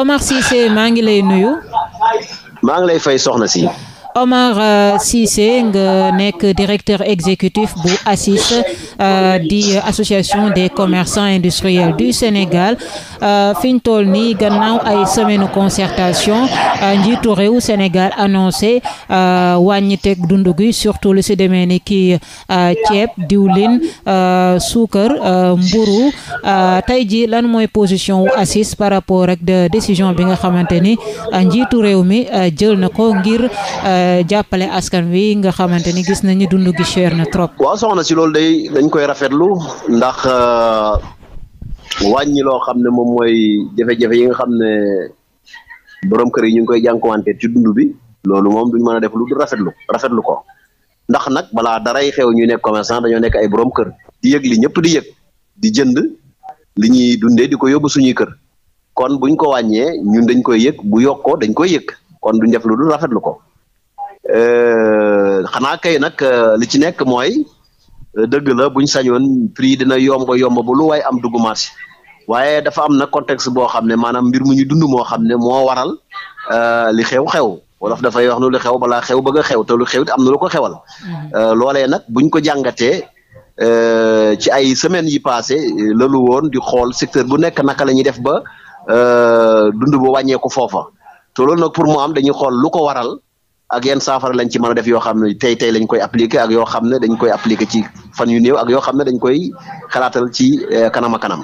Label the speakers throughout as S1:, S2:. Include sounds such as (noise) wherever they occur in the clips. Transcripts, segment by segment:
S1: Omar Cissé maa ngi lay nuyu. maa ngi lay fay soxna si. Omar euh, Cissé nga nekk directeur exécutif bu ACIS euh, di association des commerçants industriels du Sénégal euh, fi ñu toll nii gannaaw ay semaine concertation njiitu réew Sénégal annoncé wàññi teg dund gi surtout lu si demee ni kii ceeb diwlin suukar mburu tey ji lan mooy position wu ACIS par rapport ak décision bi nga xamante ni njiitu réew mi jël na ko ngir. jàppale askan wi nga xamante ni gis nañu dund gi cher na trop.
S2: waaw soxna si loolu day dañ koy rafetlu ndax euh, wàññi loo xam ne moom mooy jafe-jafe yi nga xam ne borom kër yi ñu ngi koy jànkuwante ci dund bi loolu moom duñ mën a def lu dul rafetlu rafetlu ko ndax nag balaa daray xew ñu nekk commerçant dañoo nekk ay borom kër di yëg li ñëpp di yëg di jënd li ñuy dundee di ko yóbbu suñuy kër kon buñ ko wàññee ñun dañ koy yëg bu yokkoo dañ koy yëg kon duñ def lu dul rafetlu ko Euh, xanaa kay nag euh, li ci nekk mooy euh, dëgg la buñ sañoon prix dina yomb yomb bu lu waaye am dugg marché waaye dafa am na contexte boo xam ne maanaam mbir mu ñu dund moo xam ne moo waral li xew-xew wolof dafay wax nu lu xew balaa xew ba a xew te lu xew am na lu ko xewal mm-hmm. loolee nag buñ ko jàngatee ci ay semaines yi passé lalu woon di xool secteur bu nekk naka la def ba dund ba wàññeeku foofa te loolu nag pour mu am dañuy xool lu ko waral ak yan saafara lañ ci mën def yoo xam ne tey tey lañ koy appliquer ak yoo xam ne dañ koy appliquer ci fan yu néew ak yoo xam ne dañ koy xalaatal ci eh, kanam kanam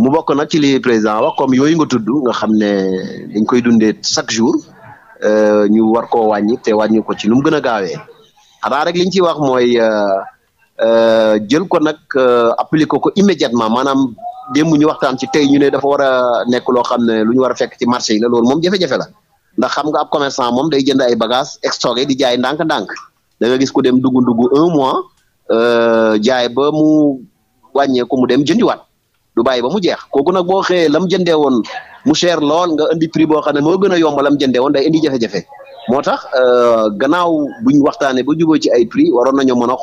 S2: mu bokk nag ci li président wax comme yooyu nga tudd nga xam ne dañ koy dundee chaque jour eh, ñu war koo wàññi te wàññi ci nu mu gën a gaawee xanaa rek liñ ci wax mooy eh, jël ko nag appliquer ko immédiatement maanaam démb ñu waxtaan ci tey ñu ne dafa war a nekk loo xam ne lu ñu war a fekk ci marché yi la loolu moom jafe la. ndax xam nga ab commerçant moom day jënd ay bagages extorqué di jaay ndànk-ndànk da gis ko dem dugg dugg un mois euh, jaay ba mu wàññeeku mu dem jëndiwaat du bàyyi ba mu jeex kooku nag boo xëyee lam jëndee woon mu cher lool nga indi prix boo xam ne moo gën a yomb lam jëndee woon day indi jafe moo tax euh, gannaaw buñ waxtaanee ba juboo ci ay prix waroon nañoo mën a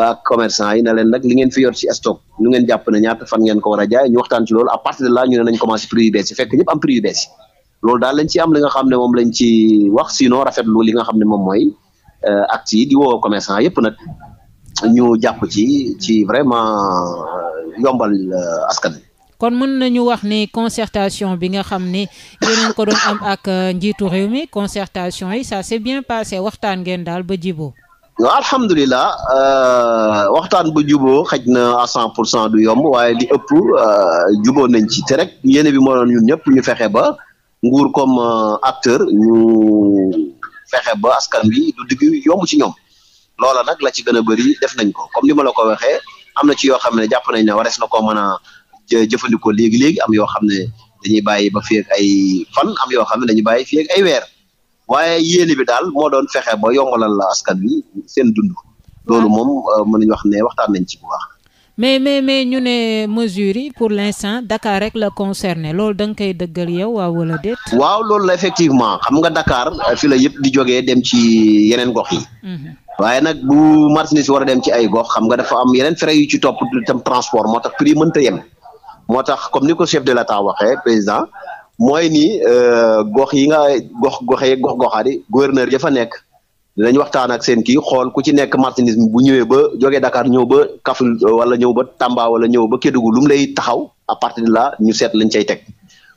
S2: euh, commerçant yi ne leen nag li ngeen fi yor stock ñu ngeen jàpp ne ñaata fan ngeen ko war jaay ñu waxtaan ci loolu à partir de là ñu ne nañ commencé loolu daal lañ ci am li nga xam ne moom lañ ci wax sinon rafetlu li nga xam ne moom mooy euh, ak ci di woo commerçant yëpp nag ñu jàpp ci ci vraiment euh, yombal euh, askan wi
S1: kon mën nañu wax ni concertation bi nga xam ni yéen ak njiitu réew mi concertation yi ça s'est bien passé waxtaan ngeen daal ba jiboo
S2: waaw alhamdulilah waxtaan bu juboo xaj na à cent pour cent du yomb waaye li ëpp juboo nañ ci te rek yéene bi moo doon ñun ñëpp ñu fexe ba nguur kom euh, acteur ñu fexe ba askan wi du digg yomb ci ñoom loola nag la ci gën a bëri def nañ ko comme ni ma la ko waxee am na ci yoo xam ne jàpp nañ ne warees na koo mën a jëfandikoo léegi-léegi am yoo xam ne dañuy bàyyi ba fii ay fan am yoo xam ne dañuy bàyyi fii ak ay weer waaye yéene bi daal moo doon fexe ba yombalal la askan wi seen dund loolu moom euh, mën nañu wax ne waxtaan nañ ci bu baax
S1: mais mais mais ñu ne mesures yi pour l'instant Dakar rek la concerné loolu da nga koy dëggal yow waaw wala déet.
S2: waaw loolu la effectivement xam nga Dakar fi la yëpp di jógee dem ci yeneen gox yi. Mhm. waaye nag bu marchandise war a dem ci ay gox xam nga dafa am yeneen frais yu ci top tam transport moo tax prix yem moo tax comme ni ko chef de la l'État waxee président mooy ni euh, gox yi nga gox goxee gox goxaadi gouverneur ya fa nekk. dinañ waxtaan ak seen kii xool ku ci nekk marchandise bu ñëwee ba joge Dakar ñëw ba Kaffrine euh, wala ñëw ba Tamba wala ñëw ba Kédougou lu mu lay taxaw à partir de là ñu seet lañ cey teg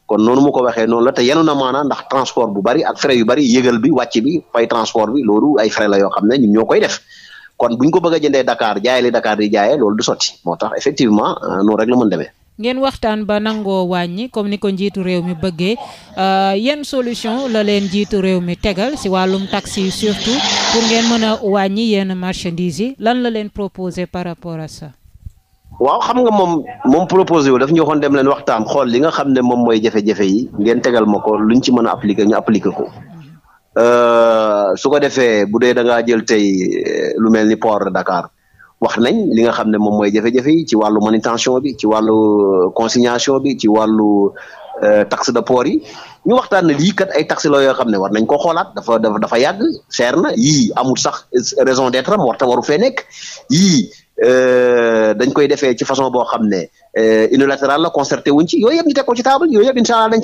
S2: kon noonu mu ko waxee noonu la te yenu na maanaa ndax transport bu bari ak frais yu bari yëgal bi wàcc bi fay transport bi loolu ay frais la yoo xam ne ñoo koy def kon bu ñu ko bëgg a jëndee Dakar jaay li Dakar di jaayee lool du sotti moo tax effectivement euh, noonu rek la mën demee.
S1: ngeen waxtaan ba nangoo wàññi comme ni ko njiitu réew mi bëggee euh, yan solution la leen njiitu réew mi tegal si wàllum taxi surtout pour ngeen mën a wàññi yenn marchandises yi lan la leen proposé par rapport à ça.
S2: waaw xam nga moom moom proposé wu daf ñu waxoon dem leen waxtaan xool li nga xam ne moom mooy jafe-jafe yi ngeen tegal ma ko luñ ci mën a appliquer ñu appliquer ko mm-hmm. euh, su ko defee bu dee da ngaa jël tey lu mel ni port de Dakar wax nañ li nga xam ne moom mooy jafe-jafe yi ci wàllu manutention bi ci wàllu euh, consignation bi ci wàllu Euh, taxe de port yi ñu waxtaan ne kat ay taxe la yoo xam ne war nañ ko xoolaat dafa dafa yàgg cher na yii amul sax raison d'être am warta waru fee nekk yii euh, dañ koy defee ci façon boo xam ne euh, unilatéral dañ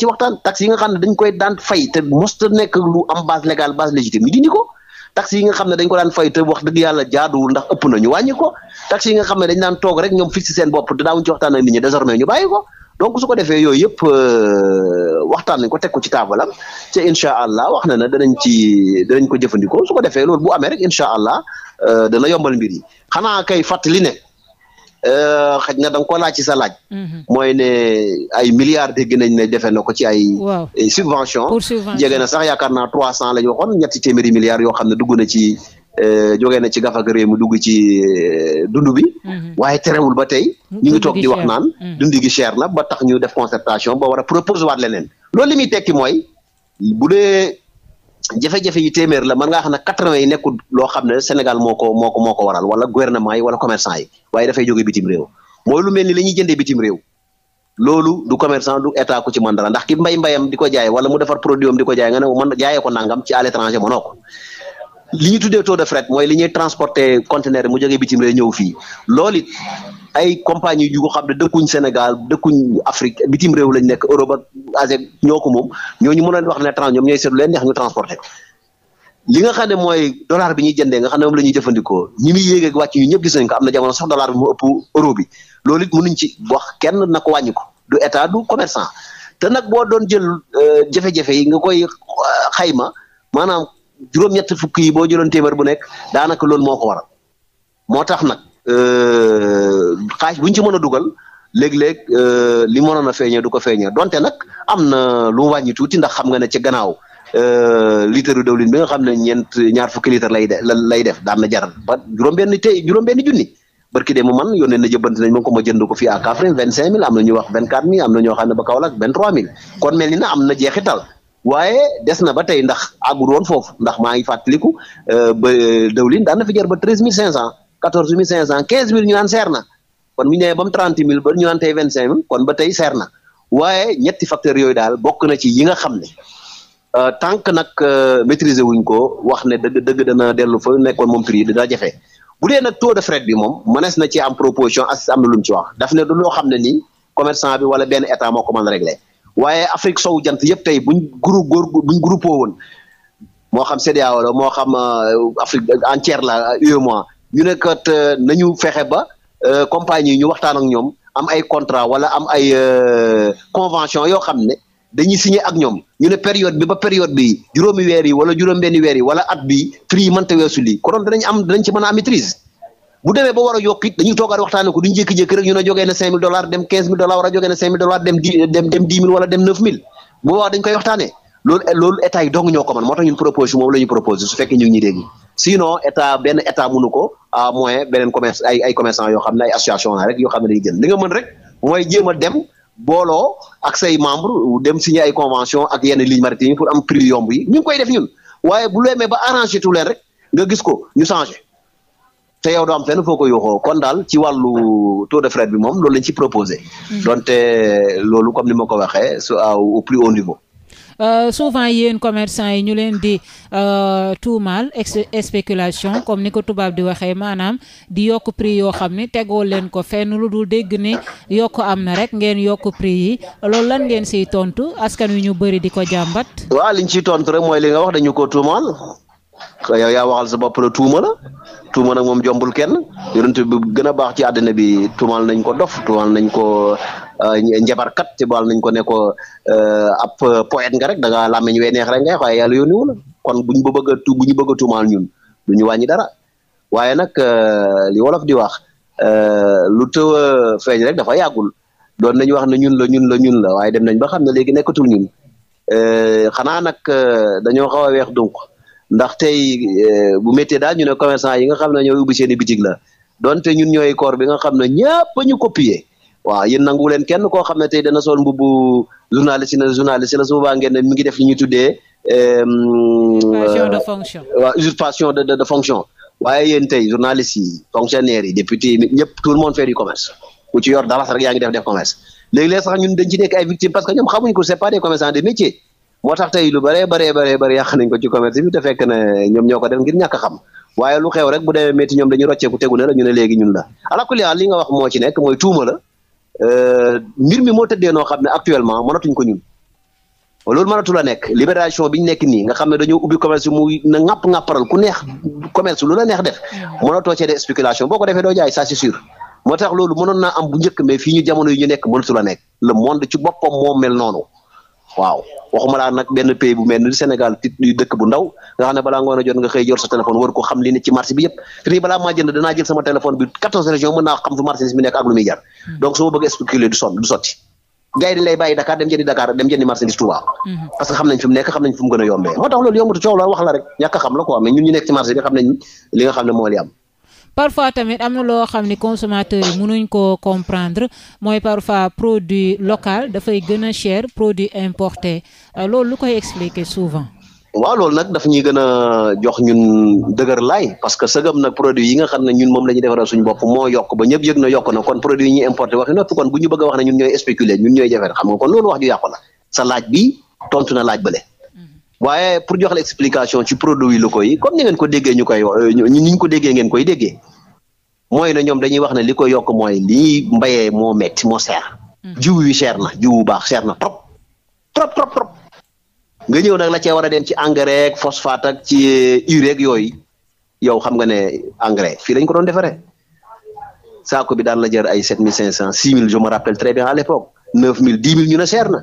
S2: waxtaan taxe yi nga xam ne dañ koy daan fay te mosta nekk lu am base légale base légitime ñu dindi ko taxe yi nga xam ne dañ ko daan fay te wax dëgg yàlla jaaduwul ndax ëpp na ñu wàññi ko taxe yi nga xam ne dañ daan toog rek ñoom fixé seen bopp te daawuñ ci waxtaan ak nit ñi ñu bàyyi ko donc su ko defee yooyu yëpp euh, waxtaan nañ ko teg ko ci taabalam te incha allah wax na ne danañ ci danañ ko jëfandikoo su defee loolu bu amee rek incha allah euh, dana yombal mbir yi xanaa kay fàttali ne euh, xaj na da ko laaj ci sa laaj. Mhm. mooy ne ay milliards dégg nañ defee defe ko ci ay. subvention jege na sax yaakaar naa trois cent la ñu waxoon ñetti téeméeri yoo xam ne dugg na ci. e jógee na ci gafak réew mi dugg ci eh, dund bi. Mhm. waaye terewul ba tey. ñu ngi toog di wax naan. Mhm. dund gi cher na ba tax ñu def concertation ba war a proposer waat leneen. loolu li muy tekki mooy bu dee jafe-jafe yi téeméer la mën ngaa xam ne quatre-vingts yi nekkul loo xam ne Sénégal moo ko moo ko moo ko waral wala gouvernement yi wala commerçant yi waaye dafay jóge bitim réew mooy lu mel ni la ñuy jëndee bitim réew. loolu du commerçant du état ku ci mën ndax ki mbay mbayam di ko jaay wala mu defar produit am di ko jaay ko nangam ci à l'étranger mënoo li ñu tuddee taux de fret mooy li ñuy transporter conteneur mu jógee bitim réew ñëw fii loolu it ay compagnie yu ko xam ne dëkkuñ Sénégal dëkkuñ Afrique bitim réew lañ nekk Europe ak Asie ñoo ko moom ñooñu mën leen wax ne trans ñoom ñooy seetlu leen neex ñu transporter li nga xam ne mooy dollar bi ñuy jëndee nga xam ne moom la ñuy jëfandikoo ñi muy yéeg ak wàcc ñu ñëpp gis nañ ko am na jamono sax dollar bi mu ëpp euro bi loolu it mënuñ ci wax kenn na ko wàññi ko du état du commerçant te nag boo doon jël euh, jafe-jafe yi nga koy euh, xayma maanaam juróom-ñett fukk yi boo jëloon téeméer bu nekk daanaka loolu moo ko waral moo tax nag euh, xaaj buñ ci mën a dugal léeg-léeg euh, li mënoon a feeñee du ko feeñee donte nag am na lu wàññi tuuti ndax xam nga ne ca gannaaw euh, litre dawlin bi nga xam ne ñeent ñaar fukki litre lay de lay def daan jar ba juróom-benn tey juróom-benn junni barki de mu man yónnee na jëbbante nañ ma ko ma jënd ko fii à vingt cinq mille am na ñuy vingt quatre mille am na ñoo xam ne ba Kaolack vingt trois mille waaye des na ba tey ndax àggul woon foofu ndax maa ngi fàttaliku euh, ba dawlin ba treize mille cinq cent quatorze mille cinq cent quinze mille ñu naan seer na kon bu ñu nee ba mu trente mille ba ñu naan tey vingt cinq mille kon ba tey seer na waaye ñetti facteurs yooyu daal bokk na ci yi nga xam ne euh, tant que nag euh, maîtriser wuñ ko wax ne da dëgg dana dellu fa nekkoon moom prix dina jafe bu dee nag taux de fret bi moom mënees na ci am proposition as am na lu ci wax daf ne du loo xam ne nii commerçant bi wala benn état moo ko mën a waaye Afrique sow jant yëpp tey buñ groupe góor buñ groupé woon moo xam CEDEAO la moo xam euh, Afrique euh, entière la UEMOA euh, ñu ne na nañu fexe ba compagnie yi ñu waxtaan ak ñoom am ay contrat wala am ay convention yoo xam ne dañuy signé ak ñoom ñu ne période bi ba période bi juróomi weer yi wala juróom benni weer yi wala at bi prix yi mënta weesu lii kon danañ am danañ ci mën a am bu demee ba war a yokk it dañuy toogaat waxtaane ko duñu jékki-jékki rek ñu ne jógee cinq mille dollars dem quinze mille dollars war a cinq mille dollars dem dix mille wala dem neuf mille bu boobaa dañ koy waxtaanee loolu état yi dong ñoo ko moom la ñu su fekkee ñu ngi ñuy sinon état benn état mënu ko à beneen commerce yoo xam ne ay association la rek yoo xam ne dañuy jël li nga mën rek mooy jéem a dem booloo ak say membre dem signé ay convention ak yenn ligne nga gis ko ñu te yow doo am fenn foo ko yoxoo kon daal ci wàllu taux de fret bi moom loolu lañ ci proposé. Mm-hmm. donte loolu comme ni ma ko waxee su au plus haut niveau.
S1: Euh, souvent yéen commerçant yi ñu leen di euh, tuumaal spéculation comme ni ko tubaab di waxee maanaam di yokk pris yoo xam ne tegoo leen ko fen lu dul dégg ni yokk am na rek ngeen yokk pris yi lool lan ngeen si tontu askan wi ñu bëri di ko jàmbat.
S2: waaw liñ ciy tontu rek mooy li nga wax dañu ko tuumaal. yow yaa waxal sa bopp la tuuma la tuuma nag moom jombul kenn yonent bi gën a baax ci àddina bi tuumal nañ ko dof tuumal nañ ko euh, njabarkat ci baal nañ ko ne ko euh, ab poète nga rek da ngaa làmmiñ wee neex rek ngay waaye yàlla yónniwu la kon buñ ba bëgg a tu ñu bëgg a tuumaal ñun du ñu wàññi dara waaye nag euh, li wolof di wax lu tëw a feeñ rek dafa yàggul doon nañu wax ne ñun la ñun la ñun la waaye dem nañ ba xam ne léegi nekkatul ñun xanaa nag dañoo xaw a weex donc ndax tey eh, bu méttee daal ñu ne commerçant yi nga xam ne ñooy ubbi seen i bitig la donte ñun ñooy corps bi nga xam ne ñëpp ñu copier waaw yéen nangu leen kenn koo xam ne tey dana sol mbubu journaliste yi na euh, waaw usurpation tey journaliste yi fonctionnaires yi député yi ñëpp tout le monde fait du commerce ku ci yor dara rek yaa ngi def def commerce léegi léeg sax ñun dañ ci nekk ay victimes parce que ñoom xamuñ ko c'est pas des commerçants des métiers. moo tax tey lu bëree bare bare bëri yàq nañ ko ci commerce bi te fekk na ñoom ñoo ko def ngir ñàkk xam waaye lu xew rek bu demee métti ñoom dañu rocceeku tegu ne la ñu ne léegi ñun la alakuli li nga wax moo ci nekk mooy tuuma la euh, mbir mi moo tëddee noo xam ne actuellement mënatuñ ko ñun loolu mënatu a nekk libération bi ñu nekk nii nga xam ne dañoo ubbi commerce mu muy na ŋàpp ŋàpparal ku neex commerce lu la neex def mënatoo cee de spéculation boo ko defee doo jaay ça c'est tax loolu mënoon naa am bu njëkk mais fii ñu jamono yi ñu nekk mënatu la nekk le monde ci boppam mel noonu waaw waxuma laa nag benn pays bu mel ni Sénégal tit dëkk bu ndaw nga xam ne balaa ngoon a jot nga xëy yor sa téléphone war ko xam li ci marché bi nekk ak lu jar hmm. donc su bëgg spéculer du sotti gars yi dañ lay bàyyi Dakar dem jëndi Dakar dem jëndi marché bi Touba hmm. parce que xam nañ fi nekk xam nañ fi mu gën a moo tax loolu yombatu coow la wax la rek ñàkk xam la quoi mais ñun ñu nekk ci marché bi xam nañ li nga xam ne moo li
S1: parfois tamit am na loo xam ne consommateur yi mënuñ koo comprendre mooy parfois produit local dafay gën a cher produit importé euh, loolu lu koy expliquer souvent.
S2: waaw loolu nag daf ñuy gën a jox ñun dëgër laay parce que sëgam nag produit yi nga xam ne ñun moom lañu ñuy defaral suñu bopp moo yokk ba ñëpp yëg na yokk na kon produit yi ñuy importé waxi noppi kon bu ñu bëgg a wax ne ñun ñooy spéculer ñun ñooy jafe xam nga kon loolu wax ju yàqu la sa laaj bi tontu na laaj bële. waaye pour jox la explication ci produits locaux koy comme ni ngeen ko déggee ñu koy euh, ni ñu ko déggee ngeen koy déggee mooy na ñoom dañuy wax ne li koy yokk mooy li mbayee moo metti moo seer mm. jiw wi cher na jiw bu baax cher na trop trop trop trop nga ñëw nag la cee war a dem ci engrais ak phosphate ci euh, urée ak yooyu yow xam nga ne engrais fii lañ ko doon defaree saako bi daan la jër ay sept mille cinq cent six mille je me rappelle très bien à l'époque neuf mille dix mille ñu ne seer na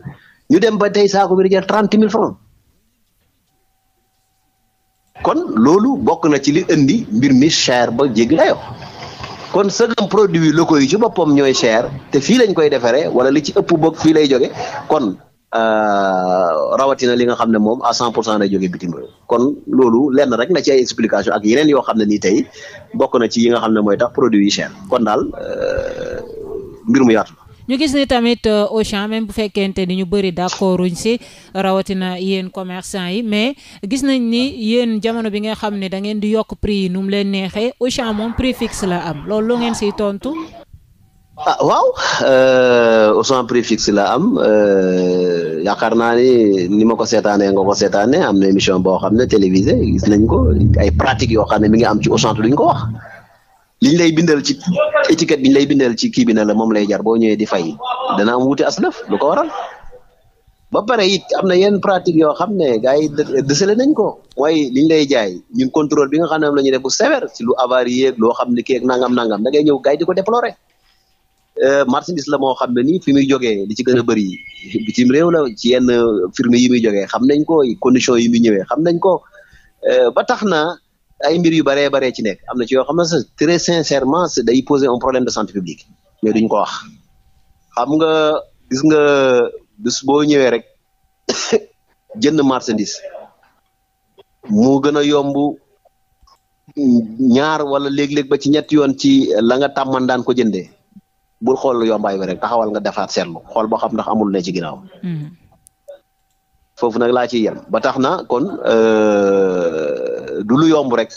S2: ñu dem ba tey saako bi di jër mille francs kon loolu bokk na ci li indi mbir mi chair ba jéggi dayoo kon sëgam produit locaux yi ci boppam ñooy cher te fii lañ koy defaree wala li ci ëpp bokk fii lay joge kon euh, rawatina li nga xam ne moom à cent pour cent lay joge bitim réew kon loolu lenn rek na ci ay explication ak yeneen yoo xam ne nii tey bokk na ci yi nga xam ne mooy tax produit yi cher kon daal euh, mbir mu yaatu
S1: ñu gis ni tamit euh, Auchan même bu fekkente ni ñu bëri d'accorduñ si rawatina yéen commerçant yi mais gis nañ ni yéen jamono bi nga xam ne da ngeen di yokk prix yi nu mu leen neexee Auchan moom prix fixe la am loolu lu ngeen siy tontu. ah
S2: waaw euh, Auchan prix fixe la am euh, yaakaar naa ni ni ma ko seetaanee nga ko seetaanee am na émission boo xam ne télévisée gis nañ ko ay pratiques yoo xam ne mi ngi am ci Auchan te duñ ko wax. liñ lay bindal ci étiquette biñ lay bindal ci kii bi na la moom lay jar boo ñëwee di fay dana am wuute aslëf lu ko waral ba pare it am na yenn pratique yoo xam ne gars yi sele nañ ko waaye liñ lay jaay ñun contrôle bi nga xam ne am la ñuy def bu sévère ci lu avarié ak loo xam ne kii ak nangam nangam da ngay ñëw gars yi di ko déplorer euh, marchandise la moo xam ne nii fi muy jógee li ci gën a bëri bitim réew la ci yenn firme yi muy jógee xam nañ ko condition yi muy ñëwee xam nañ ko euh, ba tax ay mbir yu baree baree ci nekk am na ci yoo très sincèrement day poser un problème de santé publique mais duñ ko wax xam nga gis nga bis boo ñëwee rek (coughs) jënd marchandise mu gën a yomb ñaar wala léeg-léeg ba ci ñetti yoon ci la nga tàmman daan ko jënde bul xool yombaay bi rek taxawal nga defaat seetlu xool boo xam ndax amul ne ci ginnaaw. Hmm. foofu nag laa ciy yem ba tax kon. Euh... du lu yomb rek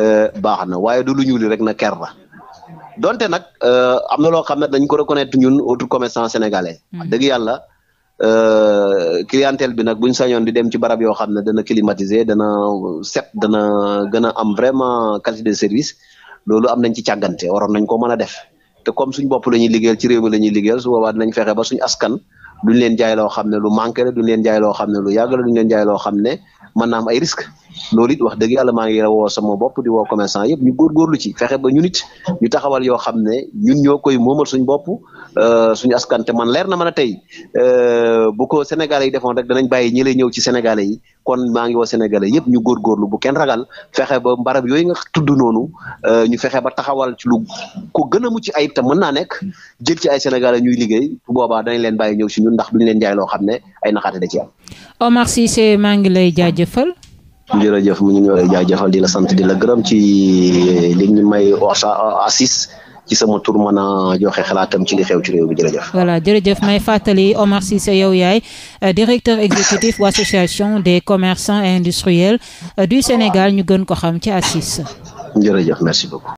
S2: euh, baax na waaye du lu ñuul rek na ker la donte nag euh, am na loo xam ne dañ ko reconnaître ñun autres commerçants sénégalais. Mm. dëgg yàlla euh, clientèle bi nag buñ sañoon di dem ci barab yoo xam ne dana climatisé dana set dana a am vraiment qualité de service loolu am nañ ci càggante waroon nañ ko mën a def te comme suñ bopp la ñuy liggéeyal ci réew mi la ñuy liggéeyal su boobaa dinañ fexe ba suñu askan duñ leen jaay loo xam ne lu manqué la duñ leen jaay loo xam ne lu yàgg la duñ leen jaay xam ne mën ay risques. loolu it wax dëgg yàlla maa ngi woo sama bopp di woo commerçant yëpp ñu góorgóorlu ci fexe ba ñun it ñu taxawal yoo xam ne ñun ñoo koy moomal suñu bopp euh, suñu askan te man leer na mën a tey euh, bu ko sénégalais yi defoon rek danañ bàyyi ñi lay ñëw ci sénégalais yi kon maa ngi woo sénégalais yëpp ñu góorgóorlu bu kenn ragal fexe ba mbarab yooyu nga tudd noonu euh, ñu fexe ba taxawal ci lu ko gën a mucc ayib te mën naa nekk jël ci ay sénégalais ñuy liggéey bu boobaa danañ leen bàyyi ñëw si ñun ndax duñ leen jaay loo xam ne ay da ci jërëjëf mu ñu ngi lay jaajëfal di la sant di la gërëm ci li ñu may osa assis ci sama tur mën joxe xalaatam ci li xew ci réew bi jërëjëf.
S1: voilà jërëjëf may fàttali Omar Cissé yow yaay euh, directeur exécutif bu association des commerçants et industriels euh, du Sénégal ñu gën ko xam ci assis jërëjëf merci beaucoup.